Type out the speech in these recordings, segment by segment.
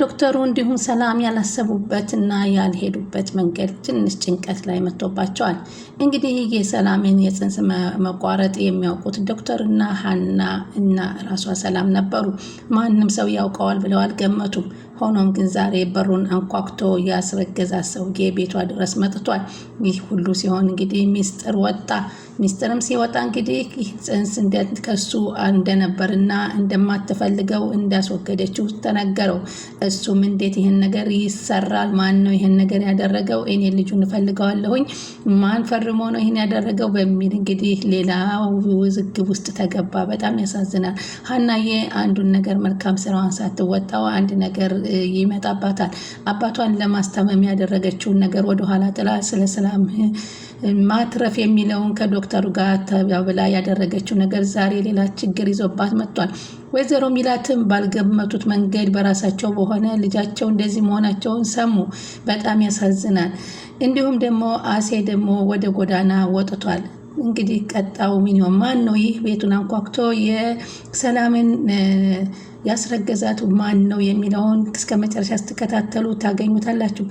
ዶክተሩ እንዲሁም ሰላም ያላሰቡበት እና ያልሄዱበት መንገድ ትንሽ ጭንቀት ላይ መጥቶባቸዋል። እንግዲህ የሰላምን የፅንስ መቋረጥ የሚያውቁት ዶክተርና ሀና እና ራሷ ሰላም ነበሩ። ማንም ሰው ያውቀዋል ብለው አልገመቱም። ሆኖም ግን ዛሬ በሩን አንኳኩቶ ያስረገዛ ሰውዬ ቤቷ ድረስ መጥቷል። ይህ ሁሉ ሲሆን እንግዲህ ሚስጥር ወጣ። ሚስጥርም ሲወጣ እንግዲህ ይህ ጽንስ ከሱ እንደነበርና እንደማትፈልገው እንዳስወገደችው ተነገረው። እሱም እንዴት ይህን ነገር ይሰራል? ማን ነው ይህን ነገር ያደረገው? እኔ ልጁን እፈልገዋለሁኝ። ማን ፈርሞ ነው ይህን ያደረገው? በሚል እንግዲህ ሌላ ውዝግብ ውስጥ ተገባ። በጣም ያሳዝናል። ሀናዬ አንዱን ነገር መልካም ስራዋን ሳትወጣው አንድ ነገር ይመጣባታል። አባቷን ለማስታመም ያደረገችውን ነገር ወደኋላ ጥላ ስለ ሰላም ማትረፍ የሚለውን ከዶክተሩ ጋር ተባብላ ያደረገችው ነገር ዛሬ ሌላ ችግር ይዞባት መጥቷል። ወይዘሮ ሚላትም ባልገመቱት መንገድ በራሳቸው በሆነ ልጃቸው እንደዚህ መሆናቸውን ሰሙ። በጣም ያሳዝናል። እንዲሁም ደግሞ አሴ ደግሞ ወደ ጎዳና ወጥቷል። እንግዲህ ቀጣው ምን ይሆን? ማን ነው ይህ ቤቱን አንኳኩቶ የሰላምን ያስረገዛት ማን ነው የሚለውን እስከ መጨረሻ ስትከታተሉ ታገኙታላችሁ።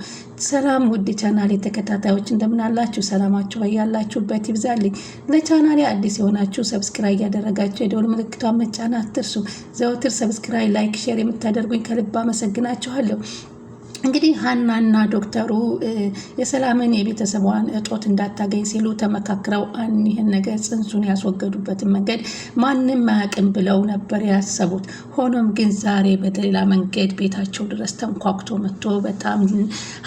ሰላም ውድ ቻናል ተከታታዮች እንደምናላችሁ፣ ሰላማችሁ በያላችሁበት ይብዛልኝ። ለቻናሌ አዲስ የሆናችሁ ሰብስክራይ ያደረጋችሁ የደወል ምልክቷን መጫን አትርሱ። ዘወትር ሰብስክራይ፣ ላይክ፣ ሼር የምታደርጉኝ ከልብ አመሰግናችኋለሁ። እንግዲህ ሀናና ዶክተሩ የሰላምን የቤተሰቧን እጦት እንዳታገኝ ሲሉ ተመካክረው አን ይህን ነገር ጽንሱን ያስወገዱበትን መንገድ ማንም አያውቅም ብለው ነበር ያሰቡት። ሆኖም ግን ዛሬ በሌላ መንገድ ቤታቸው ድረስ ተንኳኩቶ መጥቶ በጣም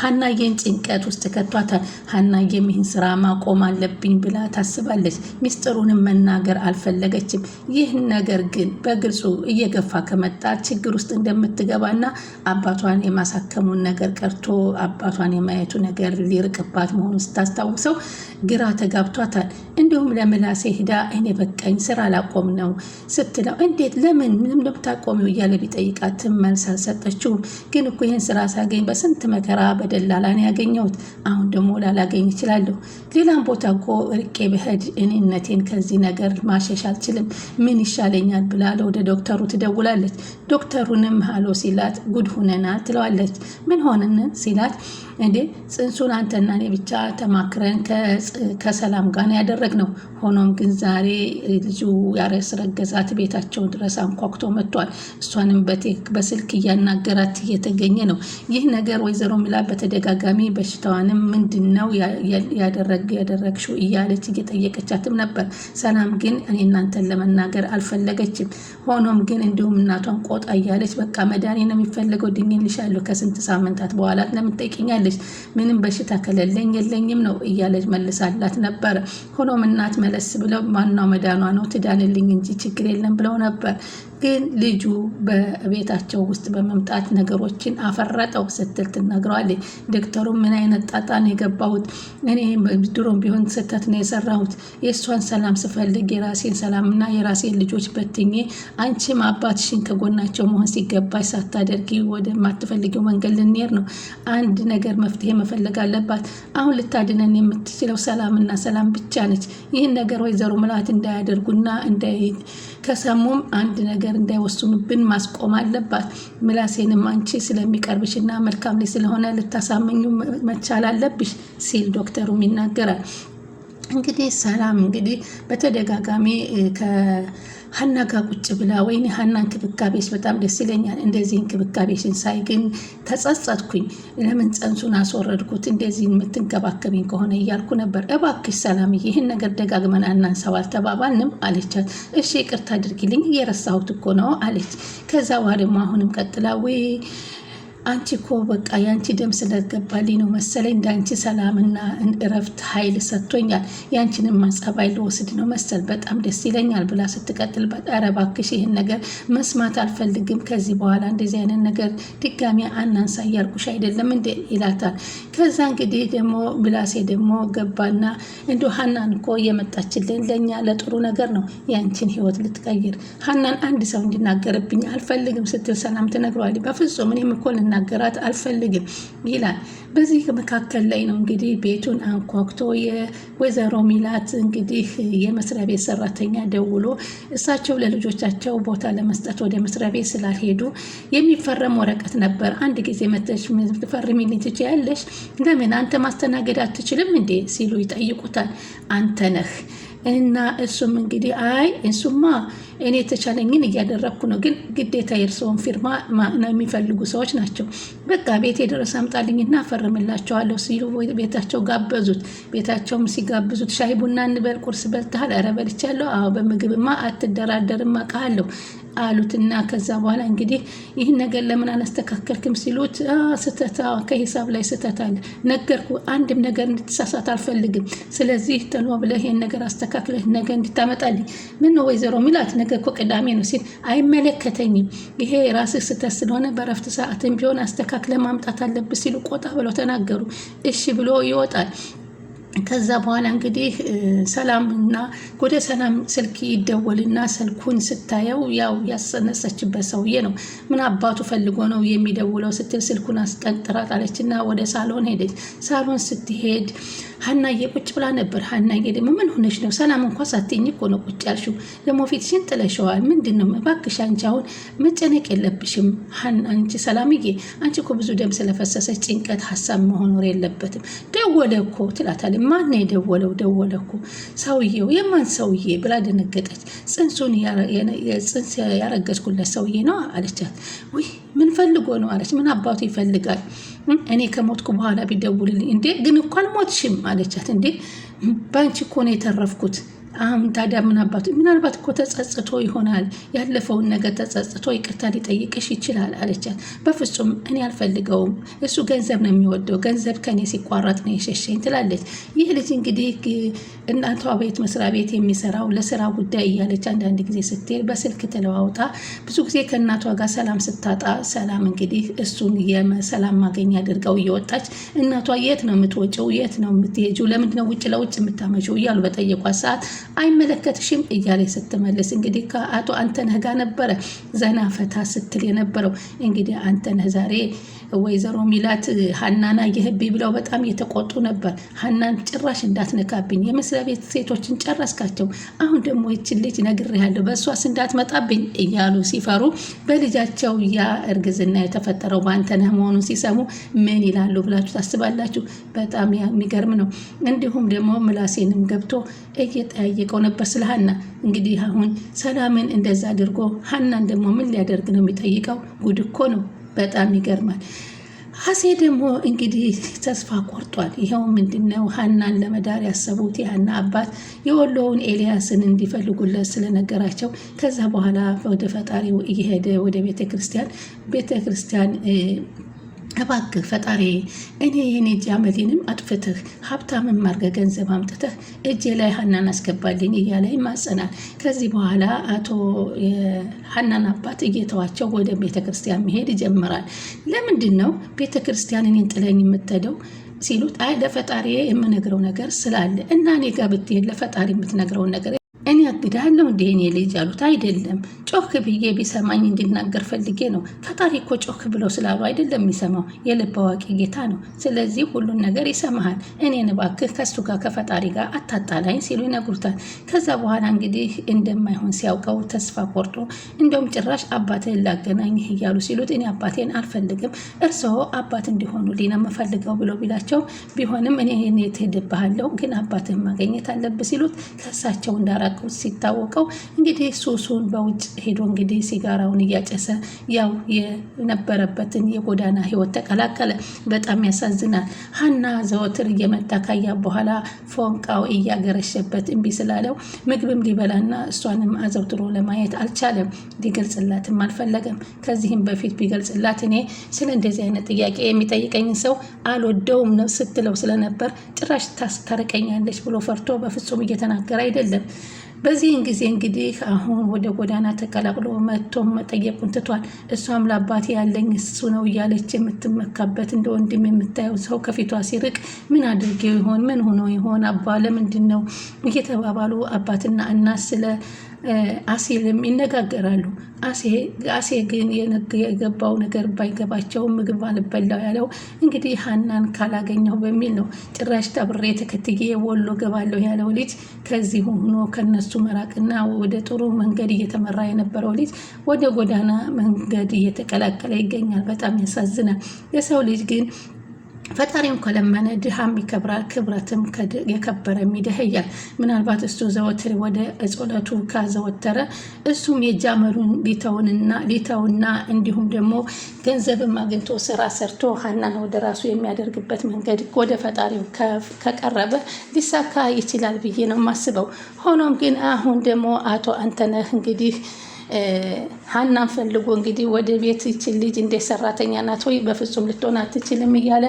ሀናዬን ጭንቀት ውስጥ ከቷታል። ሀናዬም ይህን ስራ ማቆም አለብኝ ብላ ታስባለች። ሚስጥሩንም መናገር አልፈለገችም። ይህ ነገር ግን በግልጹ እየገፋ ከመጣ ችግር ውስጥ እንደምትገባና አባቷን የማሳከሙን ነገር ቀርቶ አባቷን የማየቱ ነገር ሊርቅባት መሆኑ ስታስታውሰው ግራ ተጋብቷታል። እንዲሁም ለምላሴ ሂዳ እኔ በቃኝ ስራ ላቆም ነው ስትለው እንዴት ለምን ምንም ለምታቆሚው እያለ ቢጠይቃት መልስ አልሰጠችውም። ግን እኮ ይህን ስራ ሳገኝ በስንት መከራ በደላላን ያገኘውት ያገኘሁት። አሁን ደግሞ ላላገኝ እችላለሁ። ሌላም ቦታ እኮ ርቄ ብሄድ እኔነቴን ከዚህ ነገር ማሸሽ አልችልም። ምን ይሻለኛል ብላ ወደ ዶክተሩ ትደውላለች። ዶክተሩንም ሀሎ ሲላት ጉድ ሁነና ትለዋለች። ምን ሆንን ሲላት እንዴ ፅንሱን አንተና እኔ ብቻ ተማክረን ከሰላም ጋር ያደረግ ነው። ሆኖም ግን ዛሬ ልጁ ያስረገዛት ቤታቸውን ድረስ አንኳኩቶ መጥቷል። እሷንም በቴክ በስልክ እያናገራት እየተገኘ ነው። ይህ ነገር ወይዘሮ ሚላ በተደጋጋሚ በሽታዋንም ምንድን ነው ያደረግ ያደረግሽው እያለች እየጠየቀቻትም ነበር። ሰላም ግን እኔ እናንተን ለመናገር አልፈለገችም። ሆኖም ግን እንዲሁም እናቷን ቆጣ እያለች በቃ መዳኔ ነው የሚፈለገው ድኝልሻለሁ ከስንት ሳምንት ሳምንታት በኋላ ለምን ጠይቅኛለች? ምንም በሽታ ከሌለኝ የለኝም ነው እያለች መልሳላት ነበር። ሆኖም እናት መለስ ብለው ማኗ መዳኗ ነው ትዳንልኝ እንጂ ችግር የለም ብለው ነበር። ግን ልጁ በቤታቸው ውስጥ በመምጣት ነገሮችን አፈረጠው ስትል ትናግረዋለች። ዶክተሩ ምን አይነት ጣጣን የገባሁት እኔ ድሮም ቢሆን ስህተት ነው የሰራሁት። የእሷን ሰላም ስፈልግ የራሴን ሰላምና የራሴን ልጆች በትኜ፣ አንቺም አባትሽን ከጎናቸው መሆን ሲገባሽ ሳታደርጊ ማትፈልጊው መንገድ ልንሄድ ነው። አንድ ነገር መፍትሄ መፈለግ አለባት። አሁን ልታድነን የምትችለው ሰላምና ሰላም ብቻ ነች። ይህን ነገር ወይዘሮ ምላት እንዳያደርጉና ከሰሙም አንድ ነገር እንዳይወስኑብን ማስቆም አለባት። ምላሴንም አንቺ እና መልካም ላይ ስለሆነ ልታሳምኙ መቻል አለብሽ ሲል ዶክተሩም ይናገራል። እንግዲህ ሰላም እንግዲህ በተደጋጋሚ ሀና ጋር ቁጭ ብላ ወይኔ ሀና እንክብካቤሽ በጣም ደስ ይለኛል፣ እንደዚህ እንክብካቤሽን ሳይ ግን ተጸጸትኩኝ። ለምን ፀንሱን አስወረድኩት እንደዚህ የምትንከባከብኝ ከሆነ እያልኩ ነበር። እባክሽ ሰላምዬ ይህን ነገር ደጋግመን አናንሳው አልተባባልንም አለቻት። እሺ ይቅርታ አድርጊልኝ እየረሳሁት እኮ ነው አለች። ከዛ ደግሞ አሁንም ቀጥላ ወይ አንቺ እኮ በቃ የአንቺ ደም ስለገባልኝ ነው መሰለኝ እንዳንቺ ሰላምና እረፍት ኃይል ሰጥቶኛል። ያንቺንም ጸባይ ልወስድ ነው መሰል በጣም ደስ ይለኛል ብላ ስትቀጥል፣ ኧረ እባክሽ ይህን ነገር መስማት አልፈልግም። ከዚህ በኋላ እንደዚህ አይነት ነገር ድጋሚ አናንሳ እያልኩሽ አይደለም እንደ ይላታል። ከዛ እንግዲህ ደግሞ ብላሴ ደግሞ ገባና እንዲ ሀናን እኮ እየመጣችልን ለእኛ ለጥሩ ነገር ነው ያንቺን ህይወት ልትቀይር ሀናን አንድ ሰው እንዲናገርብኝ አልፈልግም ስትል ሰላም ትነግረዋል። በፍጹም እኔም እኮ ልና ልናገራት አልፈልግም ይላል። በዚህ መካከል ላይ ነው እንግዲህ ቤቱን አንኳኩቶ የወይዘሮ ሚላት እንግዲህ የመስሪያ ቤት ሰራተኛ ደውሎ እሳቸው ለልጆቻቸው ቦታ ለመስጠት ወደ መስሪያ ቤት ስላልሄዱ የሚፈረም ወረቀት ነበር። አንድ ጊዜ መተሽ ፈርሚልኝ ትችያለሽ? ለምን አንተ ማስተናገድ አትችልም እንዴ? ሲሉ ይጠይቁታል። አንተ ነህ እና እሱም እንግዲህ አይ እሱማ እኔ የተቻለኝን እያደረግኩ ነው፣ ግን ግዴታ የእርስዎን ፊርማ የሚፈልጉ ሰዎች ናቸው። በቃ ቤቴ ድረስ አምጣልኝና አፈርምላቸዋለሁ ሲሉ ቤታቸው ጋበዙት። ቤታቸውም ሲጋብዙት ሻይ ቡና እንበል፣ ቁርስ በልተሃል? ኧረ በልቻለሁ። አዎ በምግብማ አትደራደርም አውቃለሁ አሉትና ከዛ በኋላ እንግዲህ ይህን ነገር ለምን አላስተካከልክም ሲሉት ስህተት ከሂሳብ ላይ ስህተት አለ፣ ነገርኩ። አንድም ነገር እንድትሳሳት አልፈልግም። ስለዚህ ተኖ ብለህ ይህን ነገር አስተካክለህ ነገር እንድታመጣልኝ ምን ነው ወይዘሮ ሚላት ነገ እኮ ቅዳሜ ነው ሲል አይመለከተኝም፣ ይሄ ራስህ ስህተት ስለሆነ በረፍት ሰዓትን ቢሆን አስተካክለ ማምጣት አለብህ ሲሉ ቆጣ ብለው ተናገሩ። እሺ ብሎ ይወጣል። ከዛ በኋላ እንግዲህ ሰላምና ወደ ሰላም ስልክ ይደወልና ስልኩን ስታየው ያው ያሰነሰችበት ሰውዬ ነው። ምን አባቱ ፈልጎ ነው የሚደውለው ስትል ስልኩን አስጠንጥራ ጣለችና ወደ ሳሎን ሄደች። ሳሎን ስትሄድ ሀናዬ ቁጭ ብላ ነበር። ሀናዬ ደግሞ ምን ሆነሽ ነው? ሰላም እንኳ ሳትኝ እኮ ነው ቁጭ ያልሽው። ደግሞ ፊትሽን ጥለሸዋል። ምንድን ነው እባክሽ? አንቺ አሁን መጨነቅ የለብሽም። አንቺ ሰላምዬ፣ አንቺ እኮ ብዙ ደም ስለፈሰሰ ጭንቀት ሀሳብ መሆኑር የለበትም። ደወለ እኮ ትላታለች። ማን የደወለው? ደወለ እኮ ሰውዬው። የማን ሰውዬ ብላ ደነገጠች። ጽንሱን ጽንስ ያረገዝኩለት ሰውዬ ነው አለቻት። ውይ ምን ፈልጎ ነው አለች። ምን አባቱ ይፈልጋል እኔ ከሞትኩ በኋላ ቢደውልልኝ እንዴ ግን እኮ አልሞትሽም አለቻት። እንዴ ባንቺ እኮ ነው የተረፍኩት። አሁን ታዲያ ምን ምናልባት እኮ ተጸጽቶ ይሆናል ያለፈውን ነገር ተጸጽቶ ይቅርታ ሊጠይቅሽ ይችላል አለቻት። በፍጹም እኔ አልፈልገውም። እሱ ገንዘብ ነው የሚወደው። ገንዘብ ከኔ ሲቋረጥ ነው የሸሸኝ ትላለች። ይህ ልጅ እንግዲህ እናቷ ቤት መስሪያ ቤት የሚሰራው ለስራ ጉዳይ እያለች አንዳንድ ጊዜ ስትሄድ በስልክ ተለዋውጣ ብዙ ጊዜ ከእናቷ ጋር ሰላም ስታጣ ሰላም እንግዲህ እሱን የሰላም ማገኛ አድርገው እየወጣች እናቷ የት ነው የምትወጪው? የት ነው የምትሄጂው? ለምንድነው ውጭ ለውጭ የምታመጪው? እያሉ በጠየቋት ሰዓት አይመለከትሽም እያለች ስትመልስ እንግዲህ ከአቶ አንተነህ ጋር ነበረ ዘና ፈታ ስትል የነበረው እንግዲህ አንተነህ ዛሬ ወይዘሮ ሚላት ሀናና የህቤ ብለው በጣም እየተቆጡ ነበር። ሀናን ጭራሽ እንዳትነካብኝ የመስሪያ ቤት ሴቶችን ጨረስካቸው። አሁን ደግሞ ይችን ልጅ ነግሬሃለሁ፣ በእሷስ እንዳትመጣብኝ እያሉ ሲፈሩ በልጃቸው ያ እርግዝና የተፈጠረው በአንተነህ መሆኑን ሲሰሙ ምን ይላሉ ብላችሁ ታስባላችሁ? በጣም የሚገርም ነው። እንዲሁም ደግሞ ምላሴንም ገብቶ እየጠያየቀው ነበር ስለ ሀና። እንግዲህ አሁን ሰላምን እንደዛ አድርጎ ሀናን ደግሞ ምን ሊያደርግ ነው የሚጠይቀው? ጉድ እኮ ነው። በጣም ይገርማል። አሴ ደግሞ እንግዲህ ተስፋ ቆርጧል። ይኸው ምንድነው ሀናን ለመዳር ያሰቡት የሀና አባት የወሎውን ኤልያስን እንዲፈልጉለት ስለነገራቸው ከዛ በኋላ ወደ ፈጣሪው እየሄደ ወደ ቤተ ክርስቲያን ቤተ ክርስቲያን እባክህ ፈጣሪ እኔ ይህን እጅ አመቴንም አጥፍትህ ሀብታምን ማርገ ገንዘብ አምጥተህ እጄ ላይ ሀናን አስገባልኝ እያለ ይማጸናል። ከዚህ በኋላ አቶ ሀናን አባት እየተዋቸው ወደ ቤተ ክርስቲያን መሄድ ይጀምራል። ለምንድን ነው ቤተ ክርስቲያን እኔን ጥለኝ የምትሄደው ሲሉት፣ አይ ለፈጣሪ የምነግረው ነገር ስላለ እና እኔ ጋር ብትሄድ ለፈጣሪ የምትነግረውን ነገር እኔ አግዳለሁ እንዲህ እኔ ልጅ አሉት። አይደለም ጮክ ብዬ ቢሰማኝ እንዲናገር ፈልጌ ነው። ፈጣሪ እኮ ጮክ ብለው ስላሉ አይደለም የሚሰማው፣ የልብ አዋቂ ጌታ ነው። ስለዚህ ሁሉን ነገር ይሰማሃል። እኔን እባክህ ከእሱ ጋር ከፈጣሪ ጋር አታጣላኝ ሲሉ ይነግሩታል። ከዛ በኋላ እንግዲህ እንደማይሆን ሲያውቀው ተስፋ ቆርጦ እንደውም ጭራሽ አባትህን ላገናኝህ እያሉ ሲሉት እኔ አባቴን አልፈልግም እርስዎ አባት እንዲሆኑ ሊና መፈልገው ብሎ ቢላቸው ቢሆንም እኔ ትሄድብሃለሁ ግን አባትህን ማገኘት አለብህ ሲሉት ከእሳቸው እንዳራ እንዳያውቁት ሲታወቀው እንግዲህ ሱሱን በውጭ ሄዶ እንግዲህ ሲጋራውን እያጨሰ ያው የነበረበትን የጎዳና ህይወት ተቀላቀለ። በጣም ያሳዝናል። ሀና ዘወትር እየመጣ ካያ በኋላ ፎንቃው እያገረሸበት እምቢ ስላለው ምግብም ሊበላና እሷንም አዘውትሮ ለማየት አልቻለም። ሊገልጽላትም አልፈለገም። ከዚህም በፊት ቢገልጽላት እኔ ስለ እንደዚህ አይነት ጥያቄ የሚጠይቀኝ ሰው አልወደውም ነው ስትለው ስለነበር ጭራሽ ታስታርቀኛለች ብሎ ፈርቶ በፍጹም እየተናገረ አይደለም። በዚህን ጊዜ እንግዲህ አሁን ወደ ጎዳና ተቀላቅሎ መጥቶም መጠየቁን ትቷል። እሷም ለአባቴ ያለኝ እሱ ነው እያለች የምትመካበት እንደ ወንድም የምታየው ሰው ከፊቷ ሲርቅ ምን አድርጌው ይሆን? ምን ሆኖ ይሆን? አባ ለምንድን ነው እየተባባሉ አባትና እናት ስለ አሴልም ይነጋገራሉ። አሴ ግን የገባው ነገር ባይገባቸው ምግብ አልበላው ያለው እንግዲህ ሀናን ካላገኘው በሚል ነው። ጭራሽ ተብሬ ተከትዬ ወሎ ገባለሁ ያለው ልጅ ከዚህ ሆኖ ከነሱ መራቅና ወደ ጥሩ መንገድ እየተመራ የነበረው ልጅ ወደ ጎዳና መንገድ እየተቀላቀለ ይገኛል። በጣም ያሳዝናል። የሰው ልጅ ግን ፈጣሪውን ከለመነ ድሃም ይከብራል፣ ክብረትም የከበረም ይደህያል። ምናልባት እሱ ዘወትር ወደ ጸሎቱ ካዘወተረ እሱም የጃመሩን ሊተውና እንዲሁም ደግሞ ገንዘብም አግኝቶ ስራ ሰርቶ ሀናን ወደ ራሱ የሚያደርግበት መንገድ ወደ ፈጣሪው ከቀረበ ሊሳካ ይችላል ብዬ ነው የማስበው። ሆኖም ግን አሁን ደግሞ አቶ አንተነህ እንግዲህ ሀናን ፈልጎ እንግዲህ ወደ ቤት ይችን ልጅ እንዴት ሰራተኛ ናት ወይ በፍጹም ልትሆን አትችልም እያለ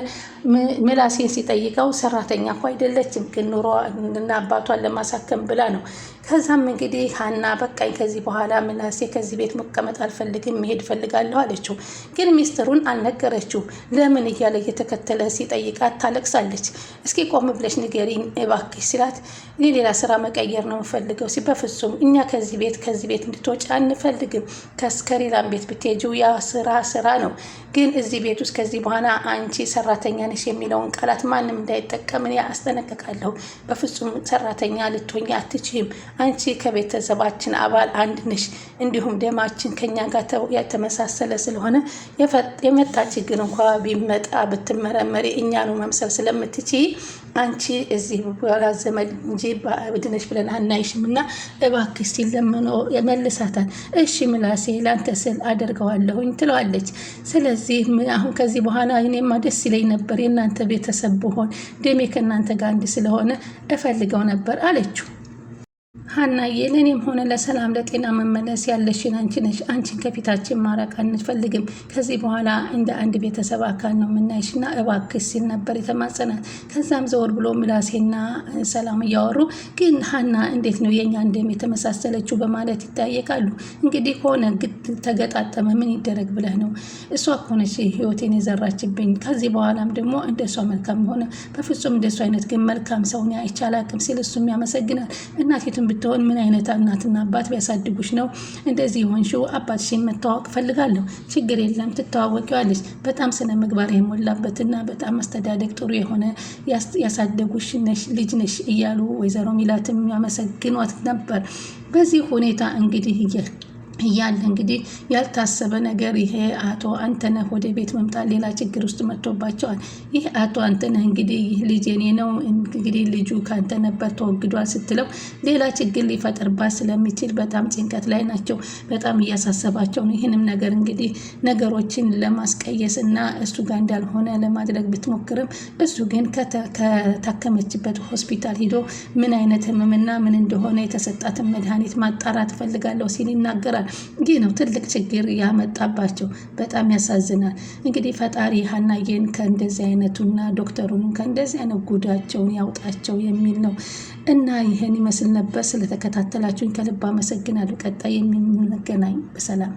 ምላሴን ሲጠይቀው ሰራተኛ እኮ አይደለችም፣ ግን ኑሮ እና አባቷን ለማሳከም ብላ ነው ከዛም እንግዲህ ሀና በቃኝ፣ ከዚህ በኋላ ምናሴ ከዚህ ቤት መቀመጥ አልፈልግም፣ መሄድ እፈልጋለሁ አለችው። ግን ሚስጥሩን አልነገረችው። ለምን እያለ እየተከተለ ሲጠይቃት ታለቅሳለች። እስኪ ቆም ብለሽ ንገሪኝ እባክሽ ሲላት ሌላ ስራ መቀየር ነው የምፈልገው ሲ በፍጹም እኛ ከዚህ ቤት ከዚህ ቤት እንድትወጪ አንፈልግም። ከስከሌላም ቤት ብትሄጂው ያ ስራ ስራ ነው። ግን እዚህ ቤት ውስጥ ከዚህ በኋላ አንቺ ሰራተኛ ነሽ የሚለውን ቃላት ማንም እንዳይጠቀምን አስጠነቅቃለሁ። በፍጹም ሰራተኛ ልትሆኝ አትችይም አንቺ ከቤተሰባችን አባል አንድ ነሽ፣ እንዲሁም ደማችን ከኛ ጋር የተመሳሰለ ስለሆነ የመጣ ችግር እንኳ ቢመጣ ብትመረመሪ እኛኑ መምሰል ስለምትች አንቺ እዚህ በራ ዘመድ እንጂ ብድነሽ ብለን አናይሽም እና እባክሽ ሲል ለምኖ መልሳታል። እሺ ምላሴ ለአንተ ስል አደርገዋለሁኝ ትለዋለች። ስለዚህ አሁን ከዚህ በኋላ እኔማ ደስ ይለኝ ነበር የእናንተ ቤተሰብ ብሆን ደሜ ከእናንተ ጋር አንድ ስለሆነ እፈልገው ነበር አለችው። ሀናዬ ለእኔም ሆነ ለሰላም ለጤና መመለስ ያለሽን አንቺ ነሽ። አንቺን ከፊታችን ማራቅ አንፈልግም። ከዚህ በኋላ እንደ አንድ ቤተሰብ አካል ነው የምናይሽና እባክሽ ሲል ነበር የተማጸናት። ከዛም ዘወር ብሎ ምላሴና ሰላም እያወሩ ግን ሀና እንዴት ነው የኛ እንደም የተመሳሰለችው በማለት ይጠያየቃሉ። እንግዲህ ከሆነ ግድ ተገጣጠመ ምን ይደረግ ብለህ ነው። እሷ ከሆነች ህይወቴን የዘራችብኝ። ከዚህ በኋላም ደግሞ እንደሷ መልካም ሆነ በፍጹም እንደሱ አይነት ግን መልካም ሰውን አይቻላቅም ሲል እሱም ያመሰግናል እናቴቱን ብት ብትሆን ምን አይነት እናትና አባት ቢያሳድጉሽ ነው እንደዚህ የሆንሽው? አባትሽን መተዋወቅ ፈልጋለሁ። ችግር የለም ትተዋወቂዋለች። በጣም ስነ ምግባር የሞላበትና በጣም አስተዳደግ ጥሩ የሆነ ያሳደጉሽ ነሽ ልጅ ነሽ እያሉ ወይዘሮ ሚላትም ያመሰግኗት ነበር። በዚህ ሁኔታ እንግዲህ እያለ እንግዲህ ያልታሰበ ነገር ይሄ አቶ አንተነህ ወደ ቤት መምጣት ሌላ ችግር ውስጥ መጥቶባቸዋል። ይህ አቶ አንተነህ እንግዲህ ይህ ልጅ የኔ ነው እንግዲህ ልጁ ከአንተ ነበር ተወግዷል ስትለው ሌላ ችግር ሊፈጥርባት ስለሚችል በጣም ጭንቀት ላይ ናቸው። በጣም እያሳሰባቸው ነው። ይህንም ነገር እንግዲህ ነገሮችን ለማስቀየስ እና እሱ ጋር እንዳልሆነ ለማድረግ ብትሞክርም እሱ ግን ከታከመችበት ሆስፒታል ሂዶ ምን አይነት ህመምና ምን እንደሆነ የተሰጣትን መድኃኒት ማጣራት እፈልጋለሁ ሲል ይናገራል። ይችላል። ይህ ነው ትልቅ ችግር ያመጣባቸው። በጣም ያሳዝናል። እንግዲህ ፈጣሪ ሀናዬን ከእንደዚህ አይነቱና ዶክተሩንም ከእንደዚህ አይነት ጉዳቸውን ያውጣቸው የሚል ነው እና ይህን ይመስል ነበር። ስለተከታተላችሁኝ ከልብ አመሰግናለሁ። ቀጣይ የሚገናኝ በሰላም